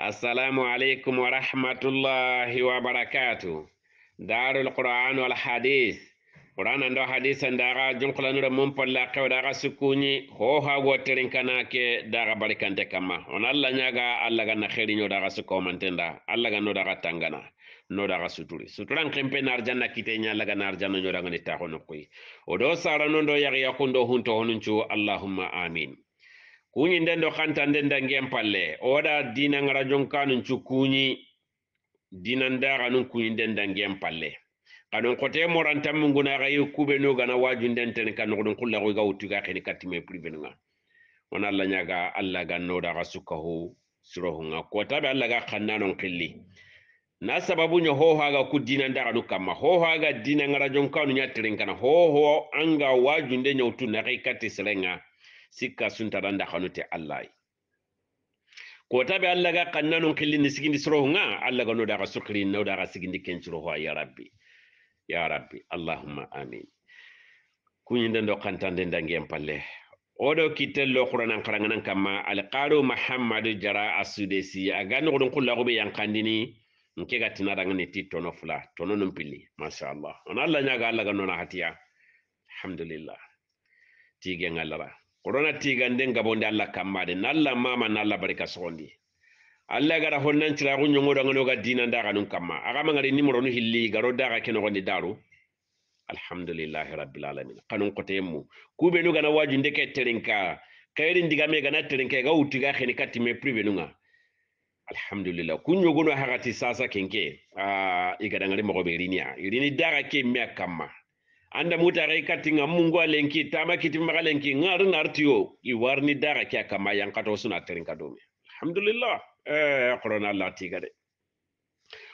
assalamu aleykum wa rahmatullahi wa barakatu daarul qur'an wal hadis qur'an ando hadisa ndaga junkulanuro mum polla kew daga sukkuñi hohago terin kana ke daga barikante kamma on allah ñaga allah ga na heriño daga sukkomantenda allah ga no daga tangana no daga suturi suturan kempe na arjanna kite nya laga na arjanna nyo daga ni tahono koy o do sara non do yagi yakundo hunto honunchu allahumma amin kuñi nden do hanta nden dangen palle owaɗa dina ngarajon kanun cu kuñi dinandaxa nun kuñi nden dangen palle kanon kote nguna ga yu kube no gana waju nden ten ka ga xullaxoyga wuttuga xeni kattime privenga wona allah ñaga allah ga noɗaxa sukkahu sirohunga kotaɓe alla ga xannanon xilli na sababu nyo ho ga ku dina ndara du kama ho ga dina ngara jon kanu nya tirin kana ho ho anga waju nden nya utu na kai kati selenga sikka suntaranda hanute allahy kotaɓe allah ga kannanun killindi sigindi sorohunga allah ga noɗaga sukrin noɗaga sigindi kencirohoa ya rabbi ya rabbi allahumma amin kuñinden ɗo kantande dangen palle oɗo kittello quranan karanganan kamma alqaru mahammadou jara a sudesi aga nogoɗon kullagoɓe yankandini nke ga tinaɗangani ti tono fula tono non masha Allah. on allah ñaga allah ga nona hatiya alhamdulillah tigen allahra korona tigande ngabonde alla kammade nalla mama nalla barika sondi alla gara honnan tira gunyo honnanciraku ñogoɗanganoga dinandaga num kamma agama gari numéro no hilli garo daga keno kenogondi daru alhamdulillahi rabbil alamin kanun qotemu kube no gana waju ndeke terinka kayri me gana terinka ga uti ga khini kati me prive nunga alhamdulillah kunyo gono hagati sasa kenke a ah, igadangari mo be rinia irini daga ke me kamma anda muta rai kati nga mungu alenki tama kiti mbaka lenki ngar nartiyo i warni daga kia kama yang kato suna terin kadome alhamdulillah eh corona la tiga de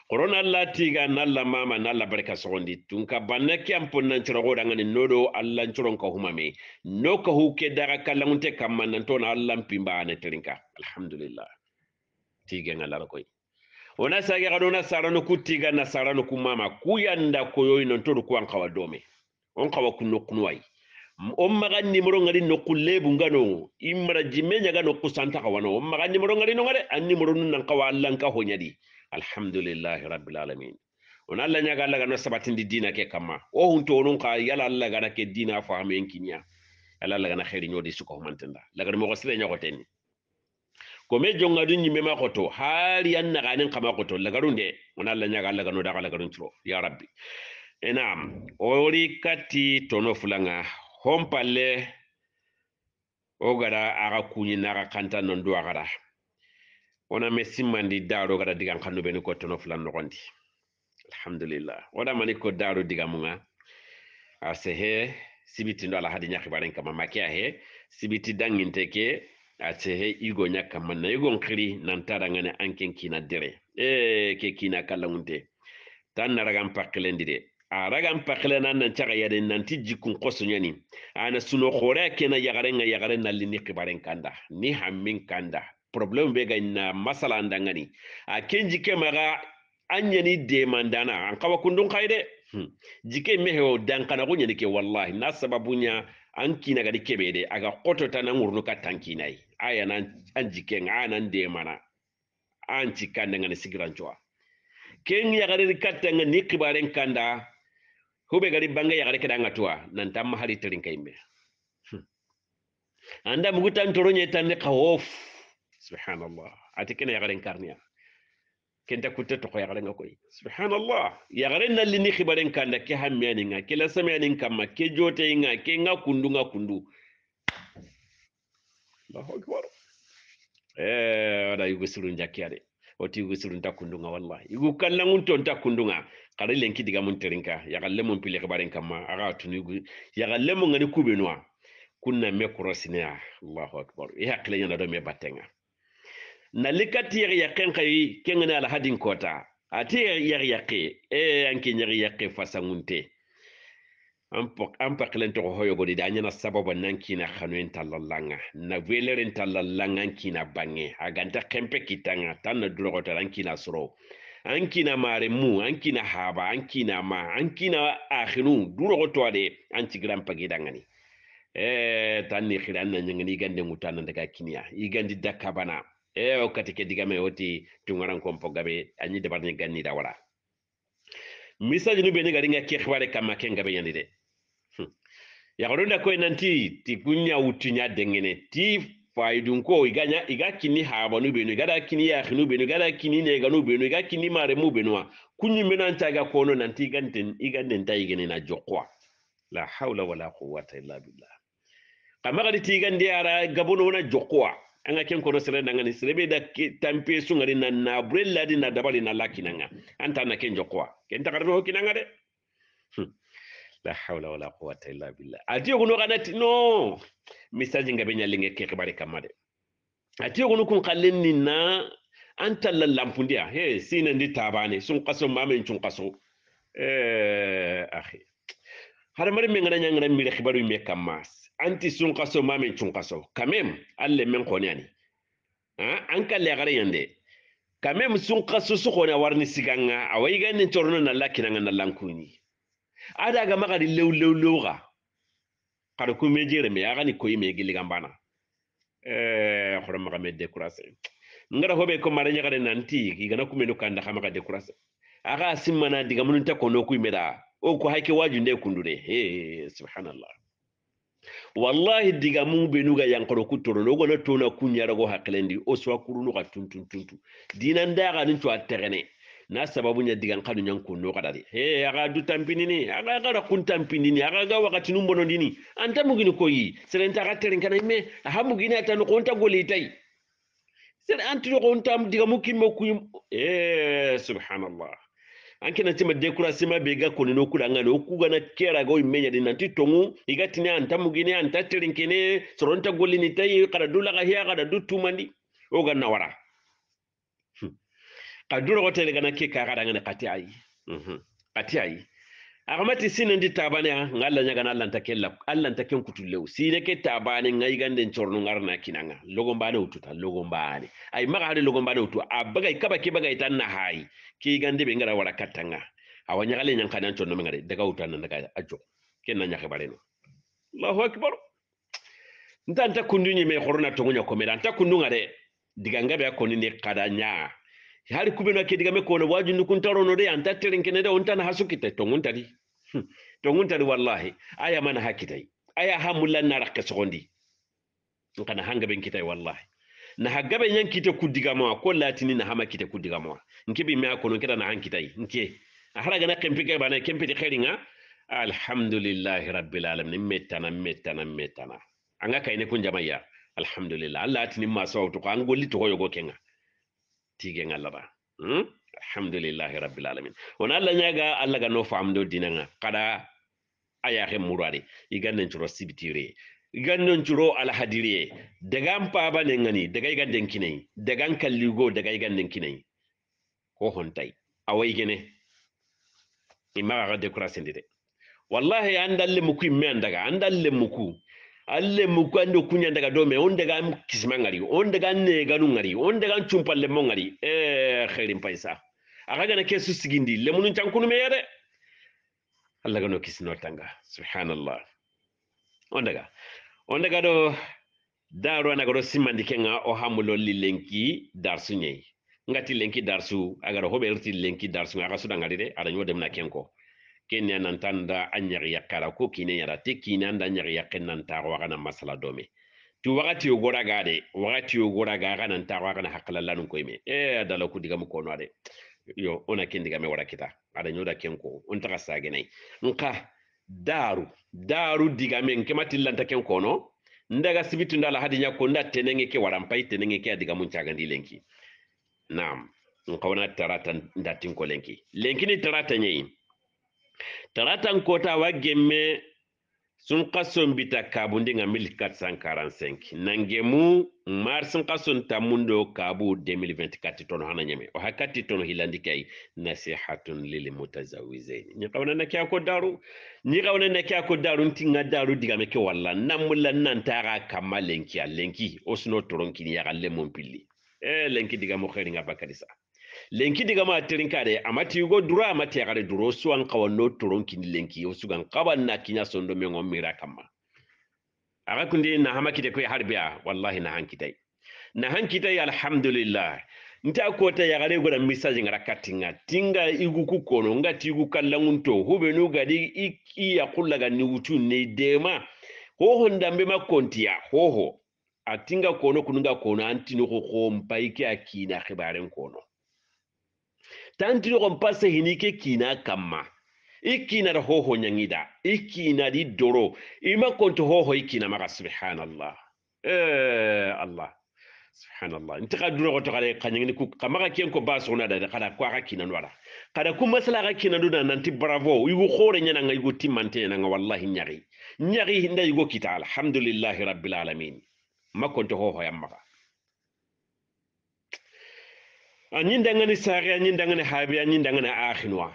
corona la tiga nalla mama nalla barka sondi tunka ka banna kyan ponnan cirogo da ngani nodo allah ciron ka humame no ka huke daga kala kalangunte kama nan tona allah pimba ne terinka alhamdulillah tiga ngalar koy ona sage gadona sarano kutiga na sarano kumama kuyanda koyoy non todu kuan kawadome onka kawa kunno kunwai on maga nimoro ngari nokulle bungano imara jimme nyaga nokku santa kawano on maga nimoro ngari no ngare an nimoro nun nan kawa allan ka honyadi alhamdulillah rabbil alamin on alla nyaga alla ga no gano sabatindi dina ke kama o hunto onun ka yala alla gana ke dina fa amen kinya yala alla ga na khairi nyodi suko mantenda ga mo ko gosle nyago tenni me jonga dun nyime ma koto hali an na nin kama koto lagarun de on alla nyaga alla ga no da ga la lagarun tro ya rabbi enam ori kati tono fulanga hompale ogara aga kuñi naga kanta nondo agara ona me simmandi daaro gada digan kannu beni ko tono fulan nogondi alhamdulillah ona mani ko daro diga munga ase sibiti ndo ala hadi nyaki ñakibaren kama makia he sibiti danginte ke ase he igo ñakkamma na igon kiri nantara ngane anken kina dere e ke kina kallangunte tan naragan pakkelendi de aragan pakle nan nan chaga yare nan ti jikun koso nyani ana suno khore kena yagare nga yagare nan lini kibaren kanda ni hammin kanda problem be ga na masala ndangani a kenji ke maga anyani de mandana an kawa kundun kaide hmm. jike mehewo dankana kunya ke wallahi na sababunya an kina ga dike bede aga qoto ta nan urnu ka tankinai aya nan an jike nga nan de mana an cikanda ngani sigiranchwa ken yagare katta nga ni kanda hube gali bange yagalekera nga twa nanta mahali telinkaime hmm. anda muguta ntolonye tanne kawof subhanallah ate kene yagalen karnia kenta kutte toko yagalenga koy subhanallah nali ni hibaren nkanda ke hammiyaninga ke lasamyanin kamma ke jote joteyinga ke nga kundu nga kundu allahu akbar eh wada yugusulun jakkiyade oti yugusulun ta kundunga wallahi yugu kallangun ton ta kundunga kada lenki diga mun terinka ya galle mun pile kabarin kama aga tunu ya galle mun ngani kube noa kunna me krosine ya Allahu akbar ya e khle yana do me batenga na likati ya ya yakin kai e, na la hadin kota ati ya ya ke e anki nyari ngunte ampo ampa khle ntoko hoyo godi da an ɲɛna sababu nan na hanu in talalanga na velere in talalanga na kina bange a ganta kitanga tan na dulɔgɔtara n kina sɔrɔ an mare mu an kina haba an kina ma an kina akhinu durogo to ade an tigram pagi dangani e eh, tanni khira an nyangani gande ngutana daga kinia igandi dakka bana e eh, wakati ke digame oti tungaran kompo gabe anyi dabar ni ganni da wala misaji nu beni garinga ke khware kama ken gabe yandi de hmm. ya garonda ko nanti ti kunya utinya dengene ti kini ha ba nu benu gada kini ya khinu benu gada kini ne nu benu kini mare mu benwa kunyi menan taga kono nanti ganten ta tai gene na jokwa la hawla wala quwwata illa billah kamagadi ti gande ara bunu na jokwa anga ken kono sere nanga ni sere da tampe ngari na na brella di na dabali na lakina nga anta na ken jokwa ken tagarno kinanga de hmm. la hawla wala quwwata illa billah ati yogono ganati no message ngabe ñallenge keke bare kamma de ati kun kallen na an talla lampundiya he sinandi tabane sun kaso mamen cun kaso eh akhi hadamaren men ngana ñangana mire hibaru me kamma anti sun kaso mamen cun kaso quand alle men koni ani an kalle gare yande quand sun kaso su koni warni siganga awayi ganin torno na lakinanga na lankuni ada ga maga magari lew lew ga kada ku me jere me yaga ni koyi me gilli gambana eh horo maga me décourager ngara hobe ko mara nyaga de nanti gi igana ku me no kanda ha maga décourager aga simmana diga mun ta ko no ku me da o ko hayke waju nde kundure he subhanallah wallahi diga mun be nuga yankoro ku toro no gono tona kunyara go haklendi o swa kurunu ga tuntun tuntu dinan daga nin to atterene na sababu nya digan kanu nyan no kadari he aga du tampini tampinini aga aga kun tampini tampinini aga ga wakati numbo dini anta mugini ko yi serenta aga terin kana me ha mugini ata no konta goli golitai sen anti no konta diga mukimo kuyi e subhanallah anke na tima de kura dekurasima bega koni no kula ngana ga na kera go imenya dina ti tongu igati ni anta mugini anta terin kene goli ni tai kada dula ga hiya kada du tumandi na wara ka duro hotel gana ke ka gada ngana kati ai mhm kati ai agamati sinin di tabane ngalla nya gana Allah takella Allah taken kutulle sine ke tabane ngai gande chorno ngarna kinanga logombane ututa logombane ai maga hade logombane utu abaga ikaba ke baga itan na hai ki gande be ngara wala katanga awanya gale nyan kanan chorno ngare daga utana daga ajo kenna nya khabare no Allahu akbar ntanta kundunyi me khorna tongunya komera ntakundu ngare digangabe akoni ne kadanya hali kubeno akidigame kono waju nukuntaronode anta terenkenede ontana hasukite tonguntari hmm. tonguntari wallahi aya mana hakitai aya hamullannara kesogondi nkana hangaben kitai wallahi na hagabe nyan kudiga kudigamawa ko latini na hama kite kudigamawa nkibi me akono kida na han kitai nke ahara gana kempi ke bana kempi di khairinga alhamdulillahi rabbil alamin metana metana metana anga kaine kun jamaya alhamdulillah allah atini maso to ko an golli to hoyo go kenga tigen allah hmm? ra alhamdulillah rabbil alamin wona allah ga allah ga no famdo dinanga kada ayaxe murade igannen coro sibitire gannon curo alhadiriye dagan pabanen gani daga iganden kinayi dagan kalligo daga iganden kinayi ko hontai awai gene imara ga dekurasindi de wallahi an dalle muku imme an daga muku alle mukando kunya daga dome on daga kisma ngari on daga ne ganu ngari on daga chumpalle mo ngari eh khairin paisa akaga na kesu sigindi lemunun tankunu me yade allah gano kisno tanga subhanallah on daga on daga do daro na garo simandi kenga o hamulo lilenki dar nyei ngati lenki darsu agaro hoberti lenki darsu aga sudangari aranyo dem na kenko kene nantan da an yari yakara ko kine yara te kine an da yari yakin nan taro wa kana masala dome tu wakati yogora ga de wakati yogora ga ga nan taro wa kana hakalallan ko me e eh, dala ku diga mko ko yo ona ken diga me wara kita ada nyoda ken ko on ta sa ga nka daru daru diga men kemati lanta ken ko no ndaga sibitu ndala hadi nyako nda tenenge ke warampai tenenge ke diga mun chaga ndilenki nka wana tarata ndatin ko lenki lenki ni tarata nyei taratan kota wa gemme sun kason bita kabundi nga 1445 nangemu mar sun kason tamundo kabu 2024 tono hana nyame o hakati tono hilandi kai nasihatun lil mutazawizin ni kawna na kya ko daru ni kawna na kya ko daru eh, nga daru diga meke walla namulla nan tara kamalenki lenki osno toronki ya galle mon pilli e lenki diga mo khairinga bakalisa lenki diga ma tirin kare amati go dura amati yakare duro an kawa no turon kin lenki yo sugan kawa na kinya sondo me ngom mira kama aga kundi na hama kite ko harbiya wallahi na hanki dai na hanki dai alhamdulillah nta ko ta ya gare gura misaji ngara katinga tinga igu ku kono ngati igu kallangunto hube no gadi iki ya kullaga ni wutu ne dema hoho ndambe ho ho atinga kono kununga kono antino ko ko mbaike akina khibaren kono tantiro pase hini ke kina kamma i kinada hoho ñangida i di doro ima konto hoho i maga subhanallah eh, allah subhanallah nti ka duro goto kare kanyangini ku kamaka kien ko baso na da kala kwa ka kina wala kala ku masala ka kina duna nanti bravo igu khore nyana nga igu timante nyana nga wallahi nyari nyari hinda igu kita alhamdulillahi rabbil alamin makonto ho ho yamma anyin dangane sare anyin dangane habi anyin dangane akhinwa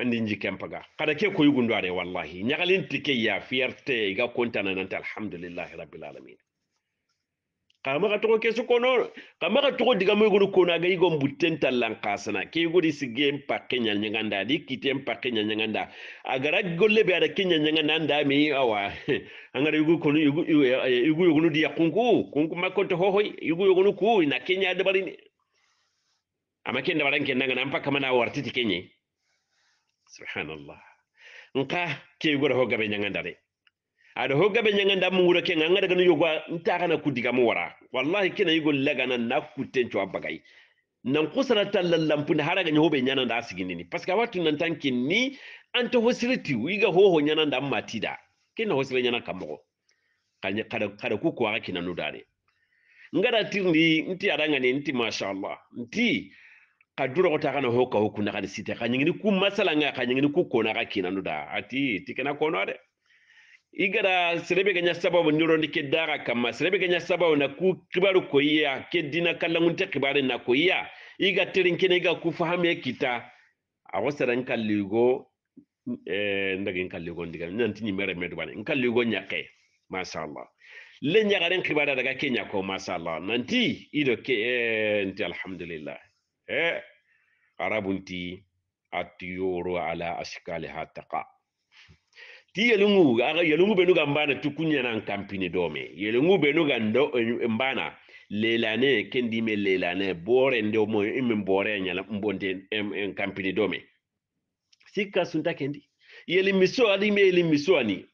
andi nji kempaga kada ke koy gundware wallahi nyagalin tike ya fierté ga kontana nan alhamdulillah rabbil alamin kama ka togo kesu kono kama ka togo diga moy gunu kono ga igom butten tallan kasana ke gudi sigge mpakke nyanganda, di kite mpakke nyanyanganda agara golle be ada kenya nyanganda anda mi awa angara yugu kono yugu yugu yugu di yakunku kunku makonto yugu yugu ku ina kenya dabarini ama ken dabaran ken nanga mana warti tike ne subhanallah nka ke gura ho gabe dare a da ho gabe nyanganda mu wuro ken anga daga no yugwa nta kana kudiga mu wara wallahi kina yugo nan na kutten cho abagai nan kusara tallan lampun har ga nyobe nyana da asigini ni paska watu nan tanki ni an anta hosiriti wiga hoho nyana da matida kina hosire nyana kamogo kanya kada kada ku kuwa kina nudare ngada tirni nti adanga ni nti mashallah nti ka durogota kana ho ka hokuna kana site ka nyingini ku masala nga ka nyingini ku kona ka kinanu da ati tikana kono de igara serebe ganya sababu nyorondi ke dara kama serebe ganya sababu na ku kibaru koiya ke dina kallangun ta kibare na koiya iga tirin kene iga ku fahame kita awo saran kalligo eh ndagin kalligo ndiga nanti ni mere medu bane kalligo nyake masha Allah le nyagaren kibara daga kenya ko masha nanti ido ke eh nti alhamdulillah e arabunti atiyoro ala ashkaliha taqa ti yelungu yelungu benu ga tukunya na kampini dome yelungu benu ga mbana lelane kendime lelane bore nde mo imi bore nyala mbonde en kampini dome sika sunta kendi yeli miso adi me yeli miso ani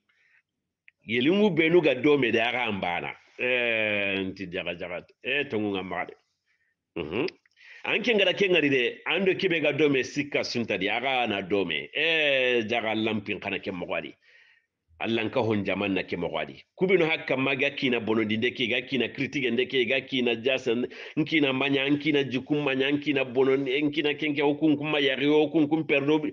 yeli ngu benu ga dome da ga mbana eh nti jaga jaga eh tongu ngamba de mhm mm anke ngara ke ngari de ando kibe ga dome sikka sunta di aga na dome e jaga lampin kana ke mogwadi allan ka hon jaman na ke mogwadi kubino hakka maga kina bonondi de ke ga kina critique de ke ga kina jasan nki na manya nki na jukum manya nki nkina bonon na kenke hukun kuma ya yari hukun kum perdo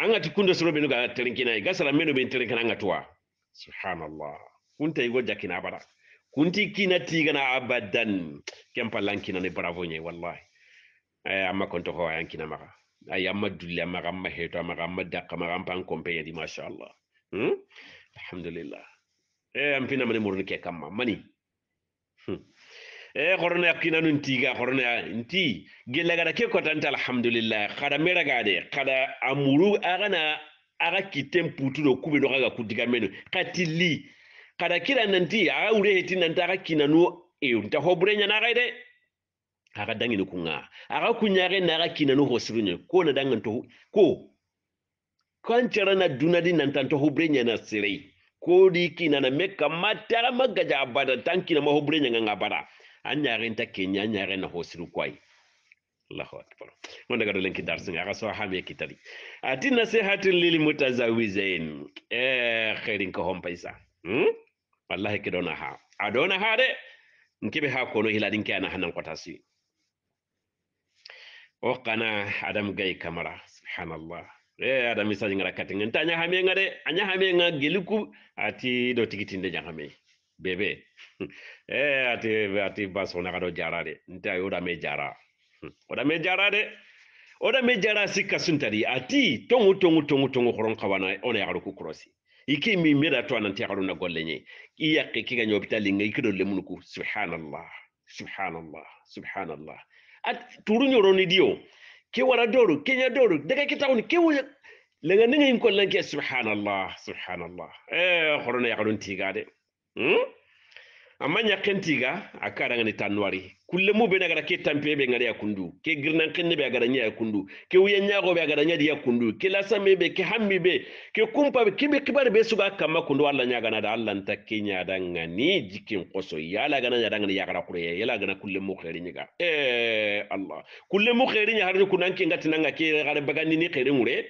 anga tikundo soro no ga terinkina ga sala meno be terinkina anga tuwa subhanallah kunta igo jakina bara kunti kina tigana abadan kempa lankina ne bravo nye wallahi amma konto ho yan kina maga ay amma dulle amma amma heto amma amma dakka amma amma pan kompe yadi masha Allah hmm alhamdulillah e am fina mani murni ke kamma mani hmm. e horno yakkina nun tiga korona nti gella gada ke kotanta alhamdulillah kada mera gade kada amuru agana aga kitem putu do kube do kaga kudiga meno katili kada kila nanti aga ure heti nanta aga kina kinanu e nta hobure nyana gade aga dangini kunga aga kunyare na aga kinanu hosirunye ko na dangan to ko kancara na dunadi nan tanto hubrenya na sirei ko di kina na meka matara magaja abada tanki na mahubrenya nga abada anyare nta kenya anyare na hosiru kwai Allahu akbar wanda ga dolen kidar sun aga so hame kitari atina sihatin lil mutazawizain eh khairin ko hompaisa hmm wallahi kidona ha adona ha de nkibe ha kono hiladin kana hanan kwatasi o oh, kana adam gay kamara subhanallah e adam isa ngara katinga tanya hame ngade anya hame nga geliku ati do tikitinde nyahame bebe e ati ati baso na kado jara de nta yoda me jara oda me jara de oda me jara sikka suntari ati tongu tongu tongu tongu horon kawana ona yagaru ku krosi iki mi meda to anan tiagaru na golle nye iya ke kiga nyobitali ngai kido lemunuku subhanallah subhanallah subhanallah at turuñoro ni diyo, ke wara doro kenya doro daga kitawni ke wuya, laga ninga in kollanke subhanallah subhanallah eh horona yakadon tigade hmm? amma ñakken tiga a karangani tanwari kulle mu bena gara ke tampe be ngari yakundu ke girnan kenne be gara nya yakundu ke uya nyago be gara nya di yakundu ke lasame be ke hammi be ke kumpa be kibe kibar be suga kama kundu alla nya gana da alla nta ke nya danga ni jikin qoso yala gana nya danga ya gara kure yala gana kulle mu khairi nya eh allah kulle mu khairi nya harju kunan ke ngati nanga ke gara bagani ni khairi ngure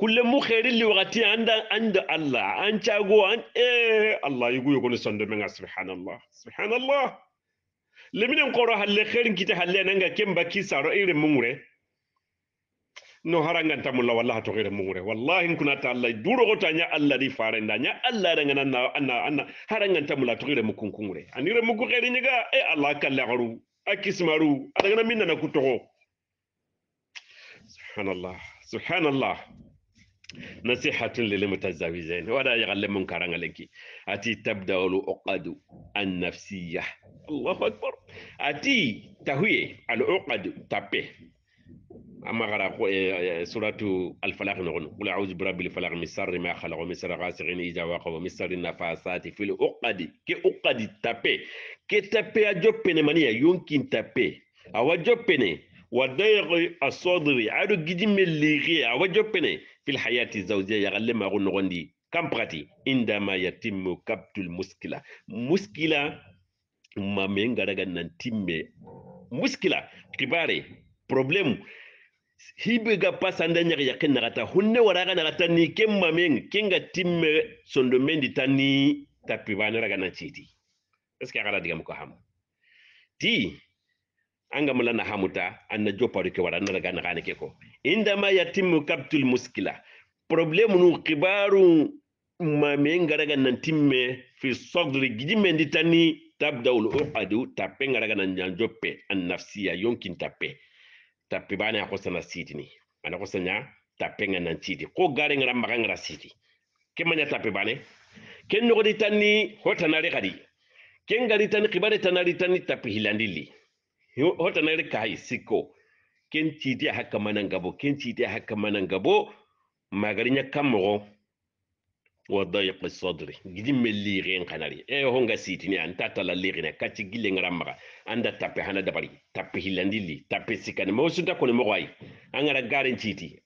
كل مخير اللي وغتي عند عند الله ان تاغو ان ايه الله يقول يقول سند من سبحان الله سبحان الله لمن نقرا هل خير كيت هل نانغا كم باكي سارو اير مونغري نو هرانغا انت مولا والله تو غير مونغري والله ان كنا تالا دورو غوتانيا الله دي فارن دانيا الله رانغا نانا انا انا هرانغا انت مولا تو غير مكون كونغري ان غير مكو خير نيغا اي الله كالغرو اكسمارو انا غنا مننا كوتو سبحان الله سبحان الله nasihatun lilmutazawijain wala yaghalle munkarangalenki ati tabdaulu uqadu annafsiya allahu akbar ati tahuye al uqadu tape أما غرا سورة الفلق نغن قل أعوذ برب الفلق من شر ما خلق ومن شر غاسق إذا وقب ومن شر النفاثات في العقد كي عقد تابي كي تابي أجوبني مانيا يمكن تابي أو أجوبني ودايق الصدر أدو جدي مليغي أو أجوبني fil hayati zawjiya yagalle mago غندي kam براتي indama يتم kaptul muskila muskila ما من nan timme مشكلة كباري problem hibe ga pasanda nyaka yakin narata hunne waraga kata ni kem mame kinga timme mendi tani tapi banara ga chiti eske agala diga mko ti angamla na hamuta anna joparu ke wara anna gana gane ke ko indama yatimu kaptul muskila problem nu kibaru ma me ngaraga nan timme fi sogri gijime nditani tabdaul uqadu tappe ngaraga nan janjoppe an nafsiya yonkin tappe tappe bana ko sana sitini ana ko sanya tappe nganan siti ko gare ngara maga ngara siti kemanya tappe bane ken no ditani hotanare kadi ken gari tani kibare tanari tani tappe hilandili hota na rika hay siko ken citi e, a hakka manan gabo ken citi a hakka manan magarinya kamogo wa dayiq sadri gidi melliren kanari e honga siti ni anta tala lirina kati gille ngaramaga anda tape hana dabari tape hilandili tape sikani mo sunta ko mo wai angara garen citi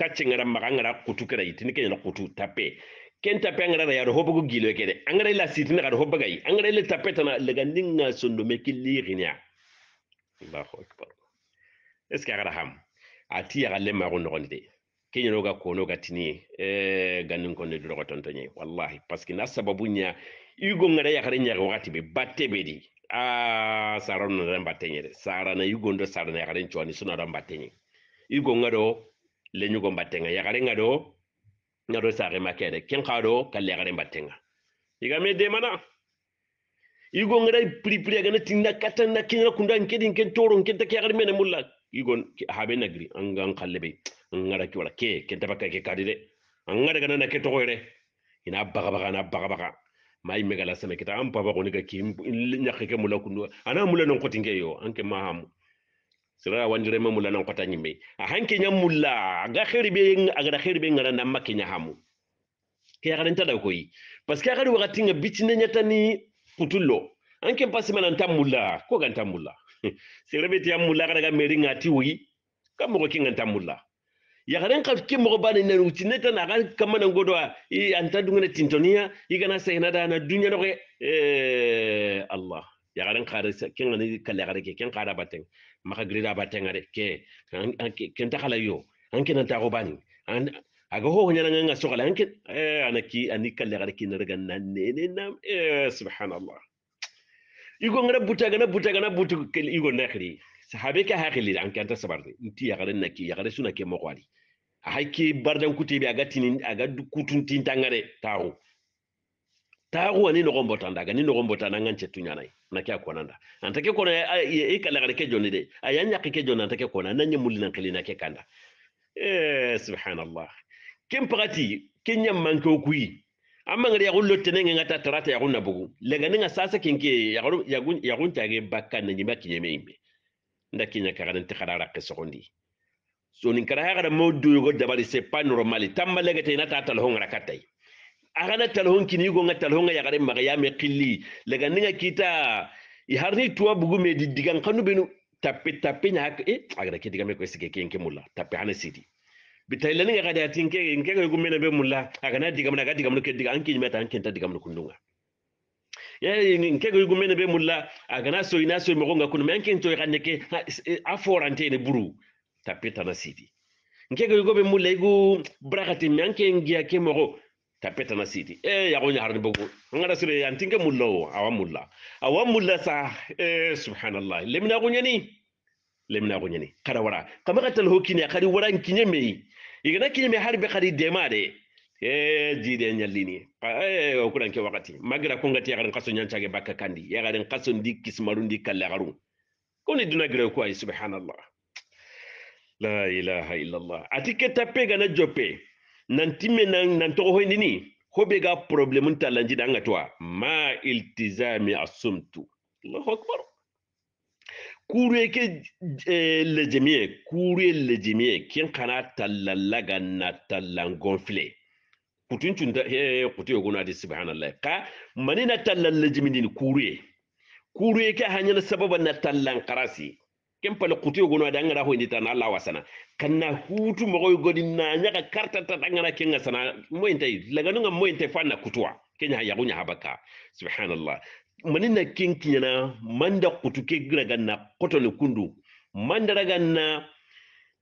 kati ngaramaga angara kutu kera itini kenya kutu tape ken tape angara da yaro hobo gilo kede angara la siti ni garo hobo angara le tape tana le ganinga sondo meki lirina allahu akbar est ce que agara ham ati ya yagalle mago nogondi keñano ga kono ga tini e eh, gannin konde durogo tonto ñe wallahi parce que na sababu ña yugo ngada yakare ñaga wakati be batte be di a sara no ren batte ñe de sara na yugo ndo sara na yakare choni suna ran batte ñe yugo ngado le nyugo batte nga ya yakare ngado ngado sare makere ken kado kalle yakare batte nga igame e de mana igongeɗa pripriagana tinna katanna keñana kunda nkeɗi nken toro nkenta ke yakari mene mulla igon haɓe nagiri angan kalle ɓe angara ke wala ke kenta bakka ke kadi de angara ganana ke togoyre ina bagabaga ana bagabaga ma yimme gala seme kita an paba goni ga ki ñakke ke mulla kundu ana mulla non koti nge yo anke ma hamu sira wandirema mulla non kota ñimme a hanke ñam mulla aga xeri ɓe agada xeri ɓe ngaranda makke ñahamu ke yakarenta ɗa koyi parce que akadi wakati nga bitine ñatani kutullo anke pasi mana ntamulla ko ga ntamulla serebe ti amulla kada ga meri ngati wi ka mo ki nganta ya garen ka ki mo bani na uti neta na ga kamana ngodo i anta dungene tintonia i gana sayna da na dunya no eh allah ya garen ka da ken ngani kala gare ke ken kada bateng maka grida bateng are ke ken ta kala yo anke na ta go bani aga ho nyana nga sokala hanke eh anaki anika le garki nerga nanne ne nam eh subhanallah igo ngara buta na buta gana butu igo nakhri sahabe ka hakili an kanta sabarde nti ya garan naki ya garan suna ke makwali a haike bardan kuti bi aga tinin aga kutun tin tangare tawo tawo ni no gombo tanda ga ni no gombo tanda ngan cetu nyana na kya konanda antake kona e kala garke joni de ayanya ke joni antake kona nanye mulina kali na ke kanda eh subhanallah ken pagati ken ñammanke o kuyi amangada yaxullo tenenge ngata tarata yaxun na bugu lenganenga sasa kenke yaxun tage bakka na ñima kiñeme yimɓe nda kiña kaxanen te xara rakke soxondi sonin kara haxara mo duyogo dabari c'est pas normal tambalegete inata talhongara kattay axana talhon kiniyigonga talhonga yaxare maxa yame xilli leganenga kita harni tuwa bugu me di digan xanu benu tappe tappe ñaxa e eh, agada ke digame ko sike kenke mulla tappe xana bitailani ya kada tinke nke ko kumena be mulla akana diga mana diga mun ke diga anki meta anki diga mun kundunga ya nke ko kumena be mulla akana so ina so mo gonga kunu anki to kan ke eh, aforante ne buru tapeta na sidi nke ko go be mulla igu brakati anki ngia ke mo tapeta na sidi e ya gonya harni bogo ngara sire ya mulla o awa mulla awa mulla sa e subhanallah lemna gonya lemna gonya kada wara kamaka tal kada wara nkinye mei igana kilime harbe khari demade e jide nyallini e eh, o kuran ke wakati magira ko ngati garan qaso nyanchage bakka kandi ya garan qaso ndi kismaru ndi kala garu ko ni duna gire ko ay subhanallah la ilaha illallah atike tape gana jope nantime nan nanto ho ni hobe ga problem ntalanji danga toa ma iltizami asumtu allahu akbar kureke eh, lejemiye kure lejemiye ken kana tallallaga na tallangon file kutun cunta kutu yogo na di subhanallah ka mani na tallan lejemini kure kure ke hanyar sababa na tallan karasi ken pala kutu yogo na da ngara ho ta na Allah wasana kana hutu mago godi na nyaka karta ta dangana ken sana moyintai laganunga moyintai fanna kutuwa kenya ya gunya habaka subhanallah manina kinkinyana manda kutuke graga na koto nukundu manda raga na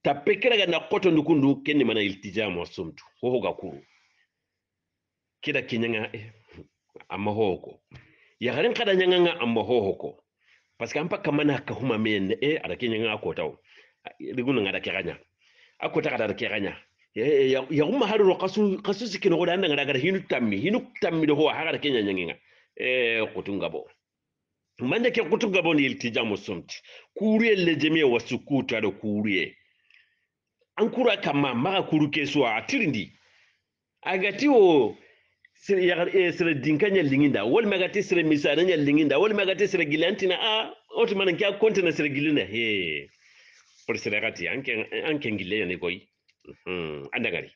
tapekeraga na koto nukundu kenne mana iltijama sumtu hoho kakuru kida kinyanga eh, amma hoho ko ya gharin kada nyanga amma hoho ko parce mpa kamana ka huma men eh ada kinyanga ko taw rigunu ngada kiranya akota kada kiranya ya huma haru kasu kasu sikino goda ndanga daga hinu tammi hinu tammi do ho haga kinyanga Eh, kutungabo kutunga mande ke kutungabo ni iltijamu sumti kuriye lejemiye wasukutu ado kuriye ankura kama maga kuruke suwa atirindi agati wo sere dinka ɲa liŋinda walima ka te sere misana ɲa liŋinda walima sere gilian a ah, otu tuma na konte na sere gilina hee pori sere kati anke ken gile ɲani koyi hmm, an dagari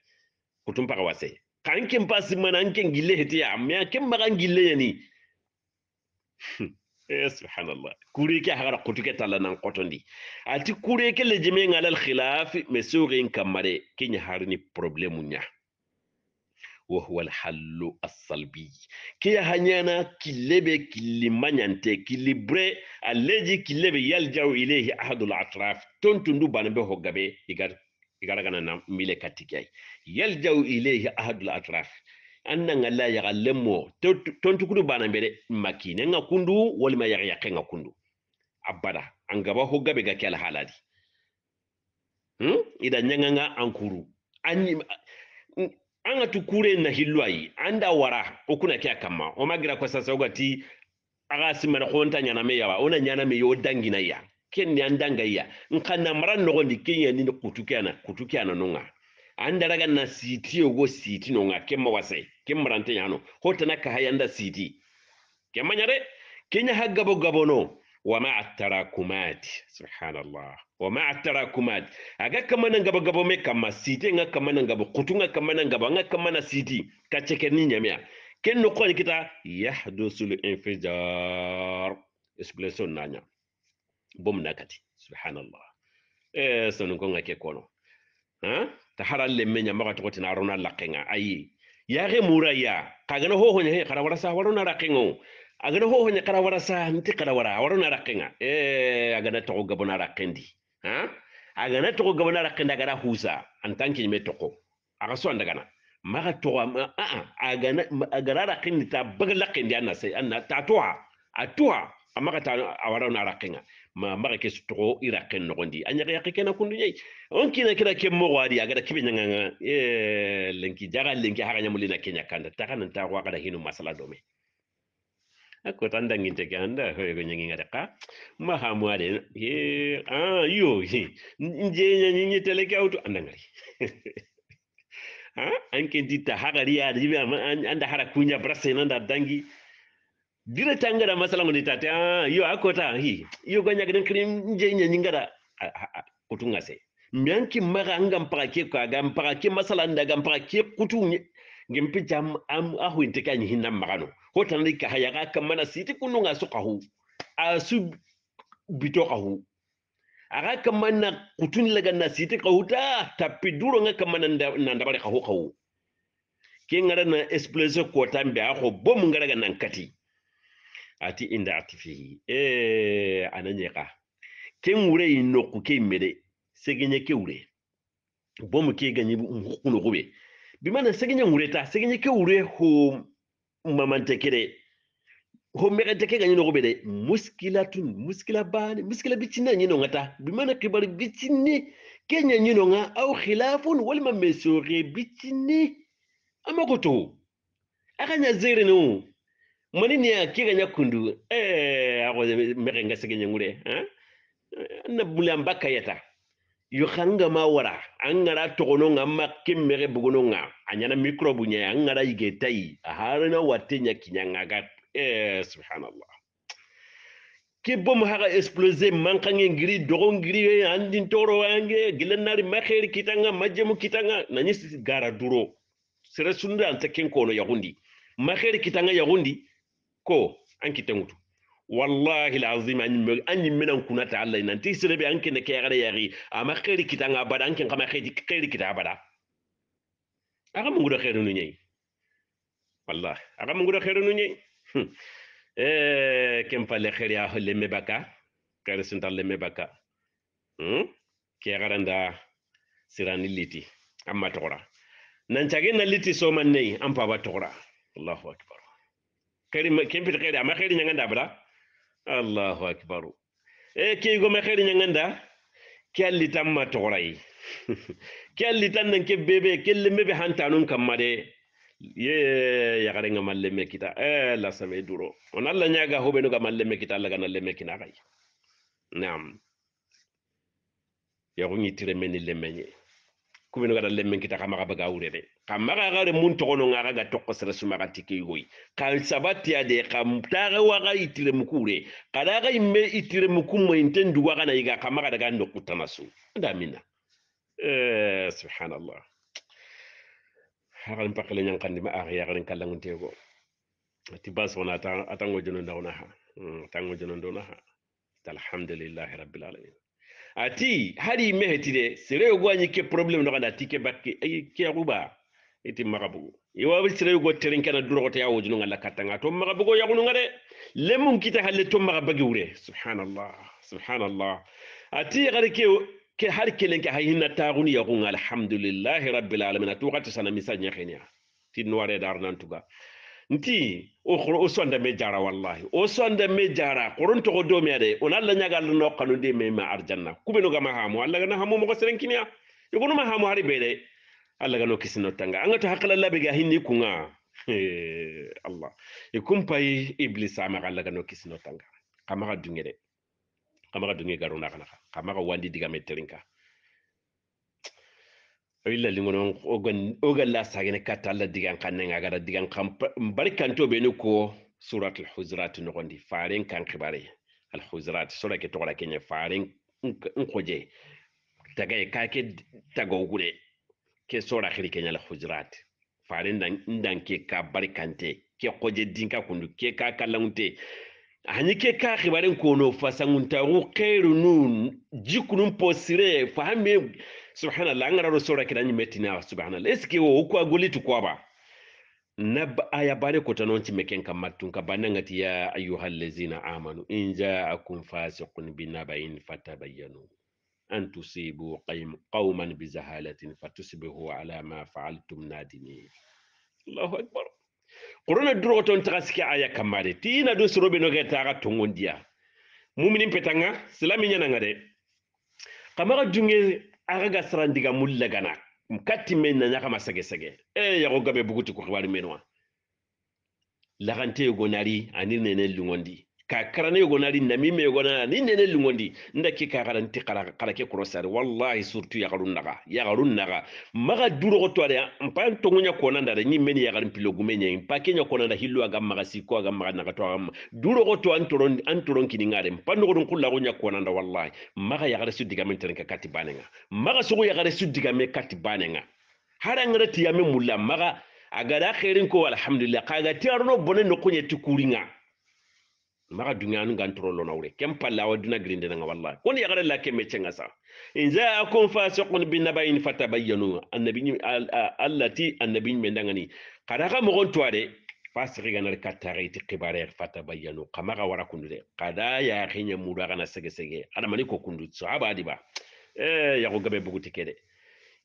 kutun paga wase ka an ken pasi mana an ken gile hetiya mais a ken maga eh subhanallah ke hagara kutu ke tala nan kotondi ati kuri ke le jeme ngala al khilaf mesugi in kamare kinya harni problemu nya wa huwa al hallu as-salbi kiya hanyana kilebe kilimanyante kilibre aleji kilebe yaljaw ilayhi ahadul atraf tontundu banbe hogabe igar igaragana na mile katikay yaljaw ilayhi ahadul atraf an nan Allah ya gallen mo ton tukudu bana bere nga kundu wal ma ya nga kundu abada an ho gabe ga kyal halali hmm idan nyanga nga an kuru an tukure na hilwai an wara o kya kama o kwa sasa ugati aga simana khonta nyana me yawa ona nyana me yo dangina ya ken ni ya nkan na no ndi kenya ni kutukana kutukana nonga an na siti ogo siti nonga kemma wasai ke mbarante yano hotana ka hayanda sidi ke manyare kenya ha gabo gabono wa ma'a tarakumat subhanallah wa ma'a tarakumat aga kamana gabo gabo me kama sidi nga kamana gabo kutunga kamana gabo nga kamana sidi ka cheke ni nyamia ken no ko kita yahdusul infijar explanation nanya bom nakati subhanallah eh sonu ko ngake kono ha ta le menya maga to tina rona ayi yage muraya kagana ho honya he karawara sa waro na rakengo agana ho honya karawara sa mti karawara waro na rakenga eh agana to gabona rakendi ha agana to gabona rakenda gara husa antanki me toko aga so andagana maga to a a agana agara rakendi ta bagla kendi anase anna ta toa atoa amaga ta awaro na rakenga ma mara ke stro ira ken no gondi anya ya ke ke na kundu nyai on kina kira ke mo wadi aga da kibe nganga e lenki jaga lenki haranya mulina kenya kanda takana ta wa kada hinu masala dome ako tanda nginte ke anda ho ye nyangi ngada ka ma ha mo ade e ah yo nje nya nyi tele ke auto anda ngari ha an ditta hagari ya dibe anda hara kunya brase nanda dangi dire tangara masala mo ditate ah yo akota hi yo ganya gidan krim nje nya nyingara ah, ah, ah, kutunga se myanki mara ngam parake ko agam parake masala ndagam parake kutunye ngempi jam am ahu intikani hinam marano hotan lika hayaka kamana siti kununga sukahu asu bitokahu aga kamana kutun laga na siti ta tapi duro nga kamana nandabare kahu kahu kengara na esplace ko tambe ako bom ngara ga nankati ati inda atifihi e ee, ananyeka ke ngure inoku ke mede segenye ke ure bom ke ganye ngukuno gobe bimana segenye ngure ta segenye ke ure ho mamante kede ho merete ke ganyi no gobe de muskilatun muskila bani muskila bitinna nyino ngata bimana kibari bitinni kenya nyino nga au khilafun walma mesore bitinni amakoto akanya zere no manini ya kiga nyakundu eh ago merenga sege nyangure eh na bulamba kayata yo khanga mawara angara togono nga kimmere mere bugono nga anyana microbe nya angara igetai ahara na watenya kinyanga kinyangaga eh subhanallah ke bom haga explosé mankange ngiri dogo ngiri andin toro wange gilanari makheri kitanga majemu kitanga nanyisi gara duro sere sunda anta ken kono yagundi makheri kitanga yagundi ko anki tengutu wallahi alazim an anyi nan kuna ta Allah nanti an anke ne ke yare yare amma khairi kita nga bada anke kama khairi khairi kita bada aga mungu da khairu nyai wallahi aga mungu da khairu nyai hm. eh kem pale khairi a holle me baka kare sun talle me baka hmm ke nda sirani liti amma tora nan tagen na liti so man nei an fa ba tora Allahu akbar kari ken piti xeede ama xeedi ñanganda bada allahu akbaru e keygome xeedi ñanganda ke alli tan ma toxoray ke alli tan nan ke bebe ke lemme be hantanun kamma de ye nga ma lemme kita e la same duro on alla ñaga hoɓenuga ma lemme kita alla gana lemme kina nam ya yaxu ñittire meni lemmeñe kumino gara lemmen kita kamaga baga wurere kamaga gara mun togono ngara ga tokko sere sumaga tike goy kan sabati ade ya kam wa waga itire mukure kada ga imme itire mukumo inten duwa kana iga kamaga daga ndo kutanasu ndamina eh subhanallah hagal pakale nyang kandi ma ari ah, ya garen kalangun tego ati bas wona ta atango jono ndawna ha mm, tango jono ndona ha alhamdulillah rabbil alamin ati hali mehetire sere ugwanyi ke problem ati ke bakke ay eh, ke kiyakuba iti magabugu iwawi sere yogo duro ta yawo junu ngala katanga to marabu go yagunu ngade lemun kita halle to magabagi wure subhanallah subhanallah ati gari ke ke har ke hayinna taguni yagun alhamdulillah rabbil alamin atu gati sana misa nyakenya tin ware dar nan tuga nti o o sonda me jara wallahi o sonda me jara koron to do me ade on alla nyagal no kanu de me ma arjanna kubeno ga mahamu alla ga na hamu mo seren kiniya yugo ma hamu hari bede alla ga no kisino tanga anga to hakala labe ga hinni kunga allah e kumpai iblis ama alla ga no kisino tanga kama ga dungere kama ga dunge garuna kana kama ga wandi diga meterinka illa lingonon ogan ogalla sagene katta alla digan kannen agara digan kam barkanto be ni surat al-hujurat no gondi faren kan khibare al-hujurat sura ke tola kenya faren nkoje tagay kake tagogure ke sura khiri kenya al-hujurat faren dan ndan ke ka barkante ke koje dinka kundu ke ka kalangunte hani ke ka khibaren kono fasangunta ru khairu nun jikunun posire fahamme subhana an ngara sora kidan yi subhana subhanallah eske wo ku aguli tu ko ba na aya bare ko tanon ci meken kam matun ka banangati ya ayyuhal ladzina amanu in ja'akum fasiqun binaba'in fatabayyanu an tusibu qauman bizahalatin fatusbihu ala ma fa'altum nadimin allahu akbar qur'ana droton taski aya kamare tina do sorobe no geta ga tongondiya muminin petanga silaminya nangade kamara junge aga sarandiga gana katti men na nyaka masage sage e eh, yago gabe buguti ko xibari menwa laxante yogonari ani nene lungondi kakara ne karane yogonari na mimme yogonara ni nene lungondi nda ke ka nti kara kara ke kurosare wallahi surtu ya garun naga ya garun naga maga duro go tore mpa ntongonya kona ndare ni meni ya garin pilo gumenye mpa ke nya kona nda hilwa aga maga siko aga maga naga to am duro go to antoron antoron kini ngare mpa ndo gon kula nya kona nda wallahi maga ya garin sudiga men terenka katibane nga maga sugo ya garin sudiga me kati banenga ya me mulla maga agada khirin ko alhamdulillah kaga tiyarno bonen no kunya tukuringa maga dunganu gan toro lona wure kem palla wa duna grinde nga wallahi kon ya gara la kemme cenga sa in ja'akum fasiqun bi nabain fatabayyanu annabi allati annabi men dangani kada ga mogon fasiki ganar kattare ti kibare fatabayyanu wara kundude kada ya khinya mudu gana sege sege adamani ko kundu sahaba diba eh ya go gabe bugu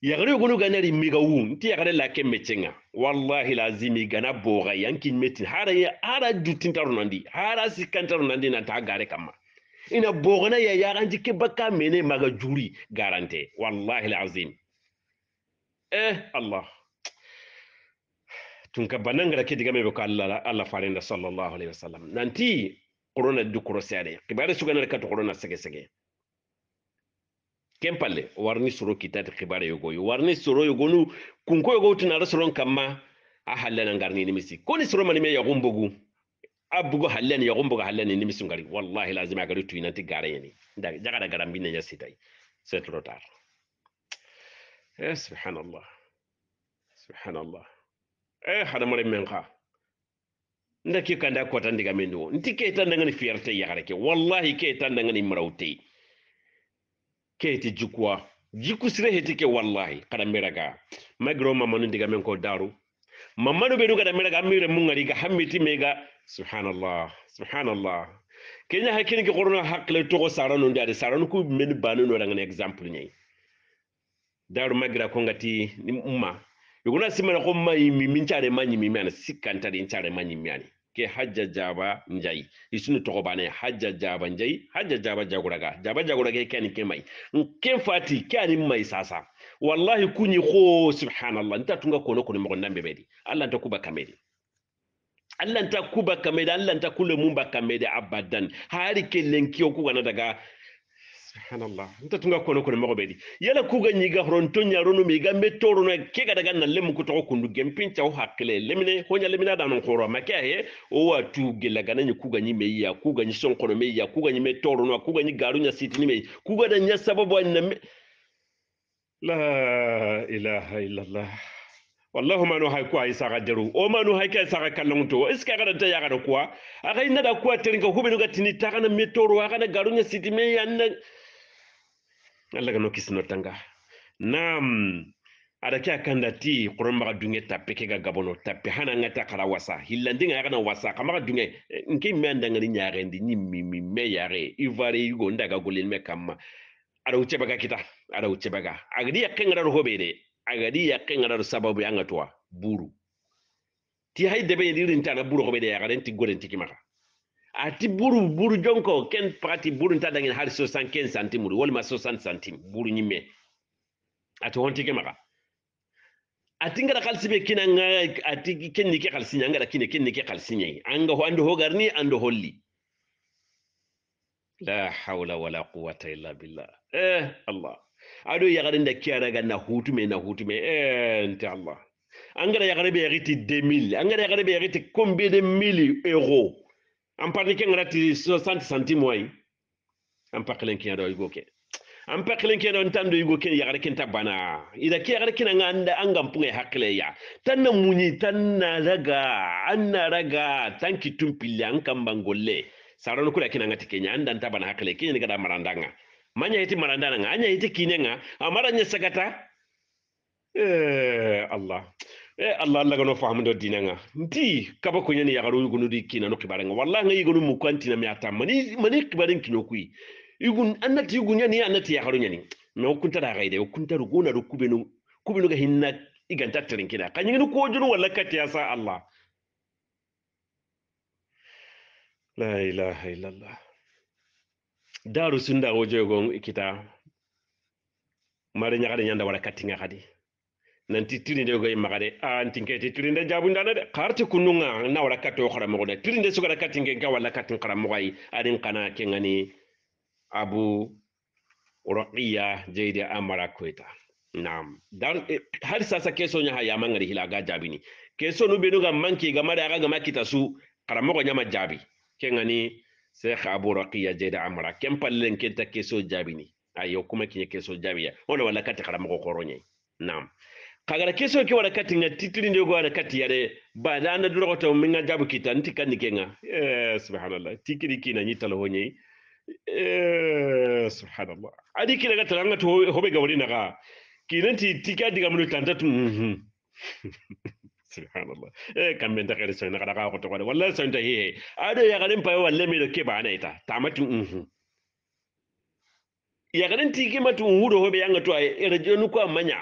yagre gonu gana rimmiga wu nti yagre la kembe cenga wallahi lazimi gana boga yankin metin hara ya hara jutin taru hara sikan taru na ta kama ina bogana ya yaganji ke baka mene maga juri garante wallahi lazim eh allah tun banangara ke diga mebe ko allah allah farenda sallallahu alaihi wasallam nanti corona du corona sare kibare sugana ka corona sege sege kempale warni soro kitati khibare yogo warni soro yogo nu kunko yogo tina rasoron nkama a hallana ngarni nimisi koni soro manime ya gumbugu abugo hallani ya gumbugu ni nimisi ngari wallahi lazima agari tu inanti gara yani ndaga gara garambine ya sitai c'est trop eh subhanallah subhanallah eh hada mare menka ndaki kanda kota ndiga mendo ntike tandanga ni fiyarte ya garake wallahi ke tandanga ni marawtei keti jukwa jiku sire heti ke wallahi kada miraga magro mamanu diga men ko daru mamanu be duga miraga mire mun ngari ga hamiti mega subhanallah subhanallah kenya hakini ke korona hakle to ko sarano ndade saranu ku men banu no ranga example nyai daru magra ko ngati umma yuguna simana ko mai mi min chare manyi mi mana sikanta din chare manyi mi ke hajja jaba njai isunu toko bane hajja jaba njai hajja jaba jaguraga jaba jaguraga ke ni ke mai ke fati ke ni mai sasa wallahi kunyi ko subhanallah nta tunga kono kono mo ndambe bedi allah ta kuba kamedi allah ta kuba kamedi allah ta kulle mun kamedi abadan hari ke lenkiyo ku daga subhanallah nta tunga kono kono mago bedi yala kuga nyiga metoro ke lemu kuto gempin taw hakle lemine honya lemina koro make he o wa tu gela kuga nyi kuga nyi son kono kuga nyi metoro kuga nyi garu nya kuga da nya sababu an la ilaha illallah wallahu hay kuwa isa ga deru o manu hay ka isa ga kallon to iska ga ta ya ga da a akai na da kuwa tirin ka hubi ga tini ta kana metoro ga na garunya sitime yan nan alla ga no kisino nam ada ke akanda ti qurumba dunge tappe ke ga gabono tappe hana ngata kara wasa hillandinga ya kana wasa kama ga dunge eh, nke manda ngari nyare ndi nyimmi mi me yare ivare yugo ndaga golin me kama ada uche baga kita ada uche baga agadi ya kengara ruho bede agadi ya kengara ro sababu ya ngatwa buru ti haide be ndirin tana buru hobede ya garen ti goren ti ati buru buru jonko ken prati buru nta dangin har 75 centime walma 60 centime buru nyime ati honti ke maka ati ngara kalsi be kina nga ati ken ni ke kalsi nya ngara kine ken ni ke kalsi nya anga ho ando hogarni ando holli la hawla wala quwwata illa billah eh allah ado yagarin da kiyara ga na na hutu eh nti allah angara yagare be yagiti 2000 angara yagare be yagiti combien de mille euros ampar ke ngarati 60 centime way ampar len kiya do ke ampar len kiya do tan do ke ya gare kenta ida ke gare kina nganda angam punge hakle ya tan na munyi tan na raga anna raga tan ki tumpili ankam bangolle sarano kula kina ngati kenya anda ntaba hakle kenya ni kada marandanga manya iti marandana anya iti kinenga amara nya eh allah e allah allah gano fahamudo nga, nti kaba kuñani yagaru yugunudi kinano kibarenga walla nga yigonu mukantina mi atta mani mani kibaren kino kui igun annati yuguñani annati yagaru da mais okkuntata ru gona ru kubenu kubenu ga hinna iganta terenkina xa ñingini kojunu walla kattiya sa allah la ilaha illallah daru sunda wojoygon kita mari ñagade nyanda wala katinga xadi nanti tirinde goy magade an tinke ti tirinde ndana de qarti kununga na wala katto kharamogo de tirinde sugara katinge ga wala katin kharamogo ay adin kana kengani abu uraqiya jeyde amara kweta nam dan eh, har sasa keso nya haya mangari hilaga jabini keso nu benu ga manki ga mara ga makita su kharamogo nyama jabi kengani sheikh abu raqiya jeyde amara kempallen kenta keso jabini ayo kuma kinye keso jabiya ona wala kati kharamogo koronye nam kagara keso ke wala kati nga titli ndio wala kati yare ba da na duro to minga jabu kita nti kan nike eh subhanallah tikiri kina ni talo honye eh subhanallah adi kila ga tanga to hobe ga na ga kina ti tika diga mun tanta tu mm-hmm. subhanallah eh kan ben takare so na ga ko to wala so nta he ado ya garin pa wala me do ke ba na ita tamatu mhm ya garin tiki matu hudo hobe yanga to ay radio kwa manya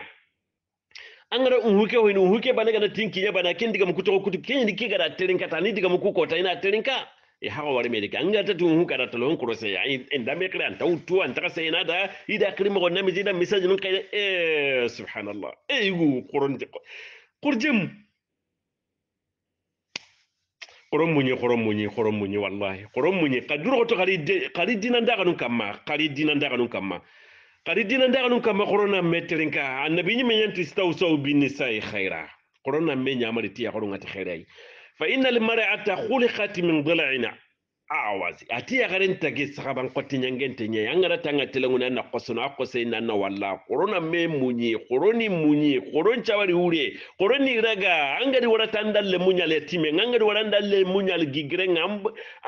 angara unhuke hoyni unhuke bana kana gana tinkiña bana ken diga muku togo kutu keñini ke gada tani ta ni diga muku kota ina terinka e hawa wari mede ke angata tu unhuka da talon kurose ya en dambe kre anta utu anta ka sayna da ida kri mo gonna mizida message nun kayda e eh, subhanallah e eh, yugu qurunti qurjim qoron munyi qoron munyi qoron munyi wallahi qoron munyi kaduro to kali kali dinan da kanun kamma kali dinan da kanun kamma kadi dina ndaxanum kamma xorona metterin ka annabi ñimeñanti staw saw binni sayi xayra xorona me ñamari tiya xorongati xeyray fa inna almar'ata khuliqat min dila'ina awasi ati yagaren tagi sahaban kotti ñangente ñe angara tanga telenguna na kosono a kosei nanna wala. korona me muñi koroni muñi koron cawari wure koroni raga angadi warata andalle muñale time angadi wara andalle muñal gigrenga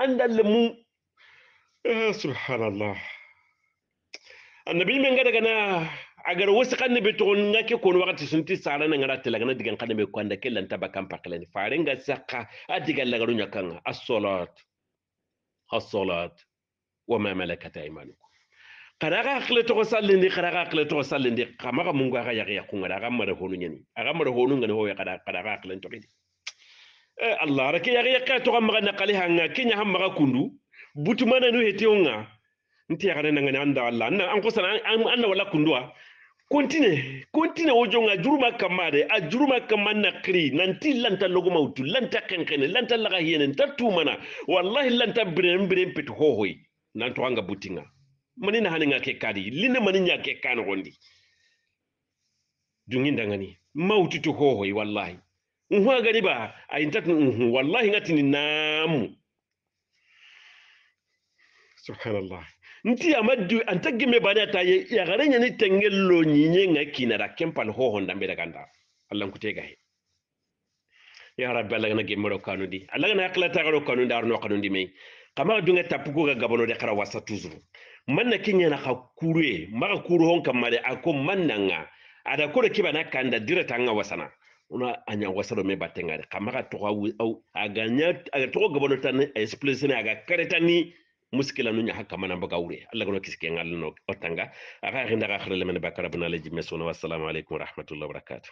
andalle mu eh, subhanallah النبي من أنا غنا اگر وسقن بتون نكي كون وقت سنتي سارن غرا تلغنا ديغان قد مي كوان دك لن تبا كان باكلن فارين غا سقا اديغا لغرو نيا كان الصلاه الصلاه وما ملكت ايمانكم قراغا خل تو صلي دي قراغا خل تو صلي دي قما مونغا غا يغ يا كون راغا مره هونو ني اغا مره هونو غن هو قدا قراغا خل تو دي إيه، الله ركي يغ يا كاتو غمغنا قليها كينيا همغا كوندو بوتمانا نو هيتيونغا nti yakana na ngani anda wala anna anko sana anna wala kundua kontine kontine wojo nga juruma kamade a juruma kamanna kri nanti lanta logo mautu lanta kenkene lanta laga hiene nta tumana wallahi lanta biren biren pet hohoi nanto anga butinga mani na haninga ke kadi maninya mani nya ke kan gondi mautu tu hohoi wallahi unhuwa gani ba a yin wallahi ngati ni namu subhanallah nti amaddu anta gimme bana ta ye ya garan ni tangello nyinye nga da kempal ho honda mbeda ganda allah ku tega he ya rabbi allah na gimme ro kanudi allah na akla ta ro kanudi arno kanudi me kama dunga tapuko ga gabano de kara wasa tuzuru na kinya na ka kurue kuru hon mare ako mannanga ada kore kibana kanda dira tanga wasana una anya do me batenga kama ka to ga aganya aga to gabano tan explosion aga karetani muskila nu ñaxa kamana mbaga wure a gono kiske ngal no tanga axa xindaxa xarale mene bakara buna leji sona wassalamu aleykum wa rahmatullah wa barakatuh